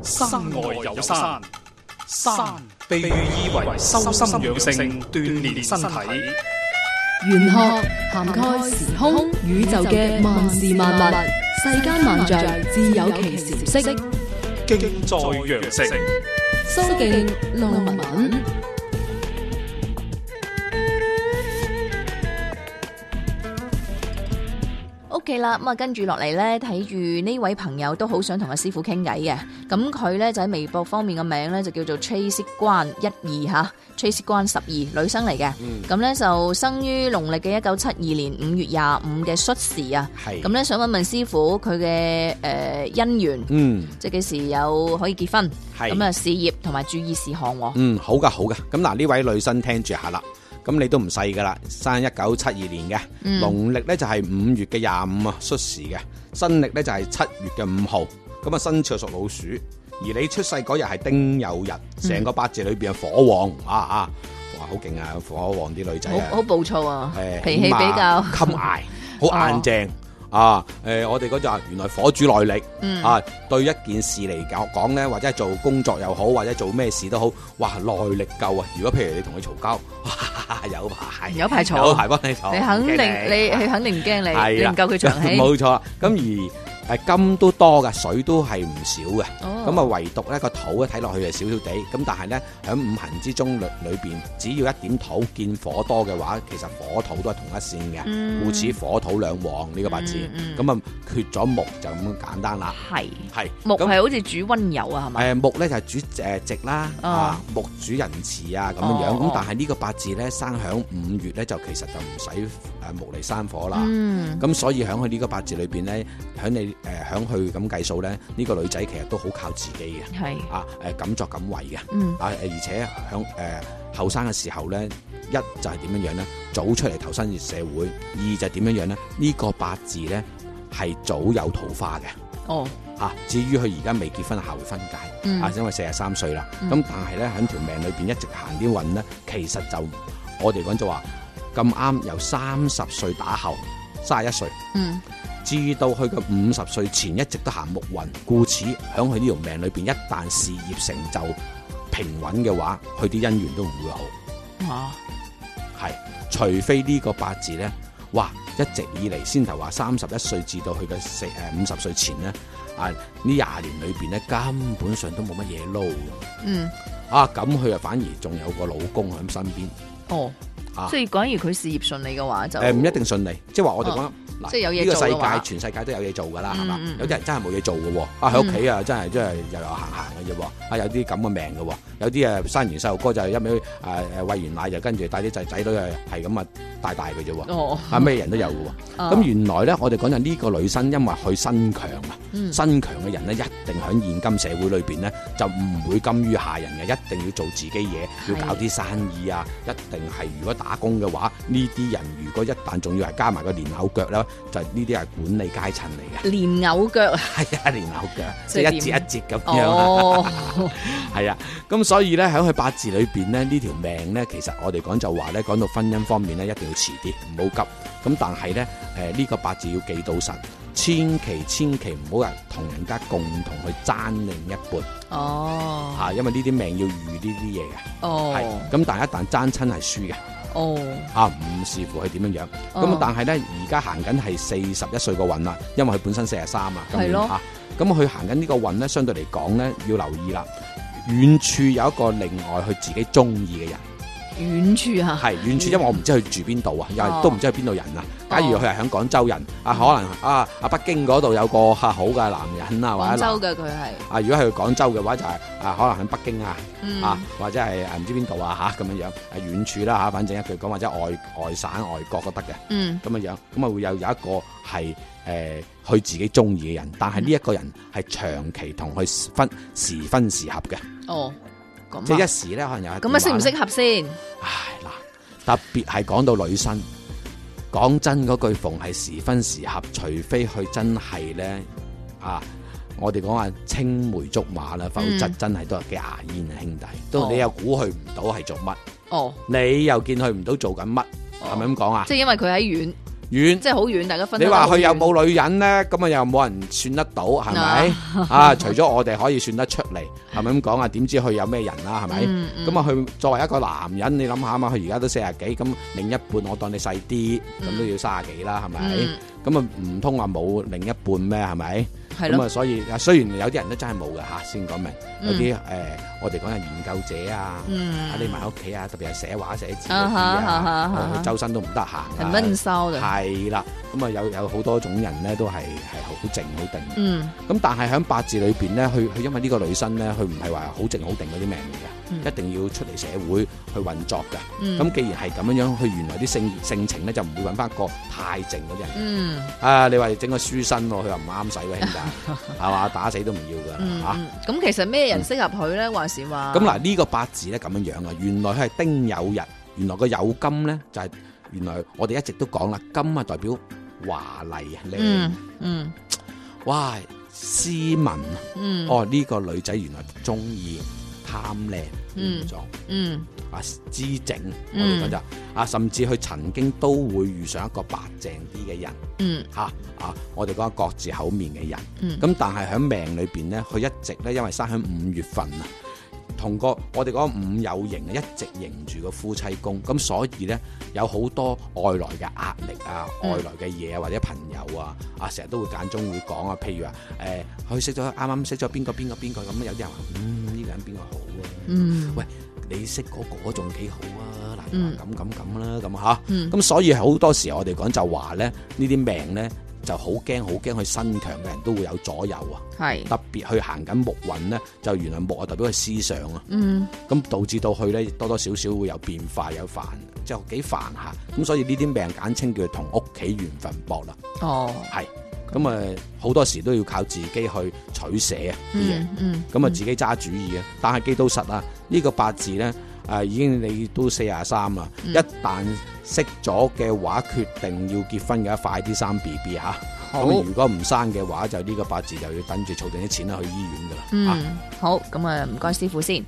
身外山身外有山，山被寓意為修身養性、鍛煉身體。玄學涵蓋時空宇宙嘅萬事萬物，世間萬象自有其時，色經在羊城，蘇敬陸文。啦，咁啊，跟住落嚟咧，睇住呢位朋友都好想同阿師傅傾偈嘅，咁佢咧就喺微博方面嘅名咧就叫做 Chase 關一二吓，Chase 關十二，女生嚟嘅，咁咧就生於農曆嘅一九七二年五月廿五嘅戌時啊，咁咧想問問師傅佢嘅誒姻緣，嗯，即係幾時有可以結婚，係咁啊事業同埋注意事項，嗯好噶好噶，咁嗱呢位女生聽住下啦。咁你都唔細噶啦，生一九七二年嘅，農曆咧就係五月嘅廿五啊，戌時嘅，新曆咧就係七月嘅五號，咁啊新朝屬老鼠，而你出世嗰日係丁酉日，成、嗯、個八字裏邊有火旺啊啊，哇好勁啊，火旺啲女仔好，好暴躁啊，脾氣比較襟挨，好 硬淨、哦、啊，誒、呃、我哋嗰陣原來火主耐力，嗯、啊對一件事嚟講咧，或者係做工作又好，或者做咩事都好，哇耐力夠啊，如果譬如你同佢嘈交，啊有排，有排坐，有排幫你坐，你肯定，你佢肯定唔驚你，係你唔夠佢長氣，冇 錯，咁而。係金都多嘅，水都係唔少嘅。咁、oh. 啊，唯獨咧個土咧睇落去係少少地。咁但係咧喺五行之中裏裏邊，只要一點土，見火多嘅話，其實火土都係同一線嘅，mm. 故此火土兩旺呢個八字。咁、mm-hmm. 啊，缺咗木就咁簡單了是是是是、就是、啦。係係木係好似主溫柔啊，係咪？誒，木咧就係主誒直啦，木主仁慈啊咁樣、oh. 樣。咁但係呢個八字咧生響五月咧，就其實就唔使誒木嚟生火啦。咁、mm. 所以喺佢呢個八字裏邊咧，喺你。誒響佢咁計數咧，呢個女仔其實都好靠自己嘅，係啊誒、呃、敢作敢為嘅，嗯啊而且響誒後生嘅時候咧，一就係點樣樣咧，早出嚟投身社會；二就係點樣樣咧，呢個八字咧係早有桃花嘅，哦啊！至於佢而家未結婚下回分解、嗯，啊因為四十三歲啦，咁、嗯、但係咧喺條命裏邊一直行啲運咧，其實就我哋講就話咁啱由三十歲打後三十一歲，嗯。至到佢嘅五十歲前一直都行木運，故此響佢呢條命裏邊，一旦事業成就平穩嘅話，佢啲姻緣都唔會好。啊，係，除非呢個八字咧，哇，一直以嚟先頭話三十一歲至到佢嘅四誒五十歲前咧，啊這裏面呢廿年裏邊咧根本上都冇乜嘢撈。嗯，啊咁佢啊反而仲有一個老公喺身邊。哦，啊，所以講假如佢事業順利嘅話就誒呃、唔一定順利，即係話我哋講、嗯。即呢個世界，全世界都有嘢做噶啦，係、嗯、嘛？有啲人真係冇嘢做嘅喎、嗯，啊喺屋企啊，真係真係又有行行嘅啫喎，啊有啲咁嘅命嘅喎，有啲啊生完細路哥就一味啊啊餵完奶就跟住帶啲仔仔女係係咁啊大大嘅啫喎，啊咩人都有嘅喎。咁、啊、原來咧，我哋講緊呢個女生，因為佢身強啊，身強嘅人咧，一定喺現今社會裏面咧，就唔會甘於下人嘅，一定要做自己嘢，要搞啲生意啊。一定係如果打工嘅話，呢啲人如果一旦仲要係加埋個連口腳啦就呢啲係管理階層嚟嘅，蓮藕腳係啊，蓮藕腳即係一節一節咁樣啊，係啊，咁所以咧喺佢八字裏邊咧呢條命咧，其實我哋講就話咧，講到婚姻方面咧，一定要遲啲，唔好急。咁但係咧，誒、呃、呢、這個八字要記到神，千祈千祈唔好人同人家共同去爭另一半。哦，吓，因為呢啲命要預呢啲嘢嘅。哦、oh.，係。咁但係一旦爭親係輸嘅。哦、oh. 啊 oh.，啊，唔視乎係點樣樣，咁但係咧，而家行緊係四十一歲個運啦，因為佢本身四十三啊，咁啊，佢行緊呢個運咧，相對嚟講咧，要留意啦，遠處有一個另外佢自己中意嘅人。遠處啊，係遠處，因為我唔知佢住邊度啊，又都唔知佢邊度人啊。假如佢係響廣州人，哦、啊可能啊啊北京嗰度有個吓好嘅男人啊，廣州嘅佢係啊，如果去廣州嘅話、就係，就係啊可能喺北京啊、嗯、啊或者係唔知邊度啊吓，咁、啊、樣樣啊遠處啦、啊、吓，反正一句講，或者外外省外國都得嘅，嗯咁樣樣，咁啊會有有一個係誒佢自己中意嘅人，但係呢一個人係長期同佢分時分時合嘅，哦。即係一時咧，可能又係咁啊，適唔適合先？唉嗱，特別係講到女生，講真嗰句，逢係時分時合，除非佢真係咧啊，我哋講話青梅竹馬啦，否則真係都係幾牙煙兄弟，嗯、都你又估佢唔到係做乜？哦，你又見佢唔到做緊乜？係咪咁講啊？即係因為佢喺院。遠即係好遠大家分。你話佢又冇女人呢？咁啊又冇人算得到，係咪？ 啊，除咗我哋可以算得出嚟，係咪咁講啊？點 知佢有咩人啦？係咪？咁、嗯、啊，佢、嗯、作為一個男人，你諗下嘛，佢而家都四十幾，咁另一半我當你細啲，咁、嗯、都要三十幾啦，係咪？咁啊唔通話冇另一半咩？係咪？咁啊、嗯嗯，所以啊，雖然有啲人都真係冇嘅嚇，先講明有啲誒、呃，我哋講係研究者啊，匿埋屋企啊，特別係寫畫寫字、啊啊啊啊啊啊啊啊、周身都唔得閒嘅，文收嘅，係啦，咁、嗯、啊有有好多種人咧，都係係好靜好定的，咁、嗯嗯、但係喺八字裏邊咧，佢佢因為呢個女生咧，佢唔係話好靜好定嗰啲命嚟嘅。嗯、一定要出嚟社會去運作嘅。咁、嗯、既然係咁樣樣，佢原來啲性性情咧就唔會揾翻個太靜嗰啲人、嗯。啊，你話整個書生喎，佢又唔啱使喎，兄弟，係 嘛？打死都唔要嘅嚇。咁、嗯啊、其實咩人適合佢咧？還、嗯、是話咁嗱？呢、嗯、個八字咧咁樣樣啊，原來佢係丁酉日，原來個酉金咧就係、是、原來我哋一直都講啦，金啊代表華麗、你嗯，哇、嗯，斯文、嗯、哦呢、呢個女仔原來中意。貪靚，嗯，裝，嗯，啊，知整，我哋講得、嗯，啊，甚至佢曾經都會遇上一個白淨啲嘅人，嗯，吓、啊，啊，我哋講個各自口面嘅人，嗯，咁但係喺命裏邊咧，佢一直咧，因為生喺五月份啊。同個我哋講五有型啊，一直營住個夫妻宮，咁所以咧有好多外來嘅壓力啊，外來嘅嘢、啊、或者朋友啊，啊成日都會間中會講啊，譬如話誒，佢、哎、識咗啱啱識咗邊個邊個邊個咁，有啲人話嗯呢、這個人邊個好啊，嗯，喂你識嗰個仲幾好啊，嗱咁咁咁啦，咁、嗯、嚇，咁、啊啊嗯、所以好多時我哋講就話咧呢啲命咧。就好驚好驚，去身強嘅人都會有左右啊！係特別去行緊木運咧，就原來木啊，特別係思想啊，嗯，咁導致到去咧多多少少會有變化，有煩，即係幾煩吓，咁所以呢啲病簡稱叫做同屋企緣分薄啦，啊，哦，係，咁啊好多時候都要靠自己去取捨啊啲嘢，嗯，咁、嗯、啊自己揸主意啊，但係基督實啊呢，這個八字咧。啊！已經你都四十三啦，一旦識咗嘅話，決定要結婚嘅，快啲生 B B 嚇。咁如果唔生嘅話，就呢個八字就要等住儲定啲錢啦，去醫院㗎喇。嗯，啊、好，咁啊，唔該師傅先。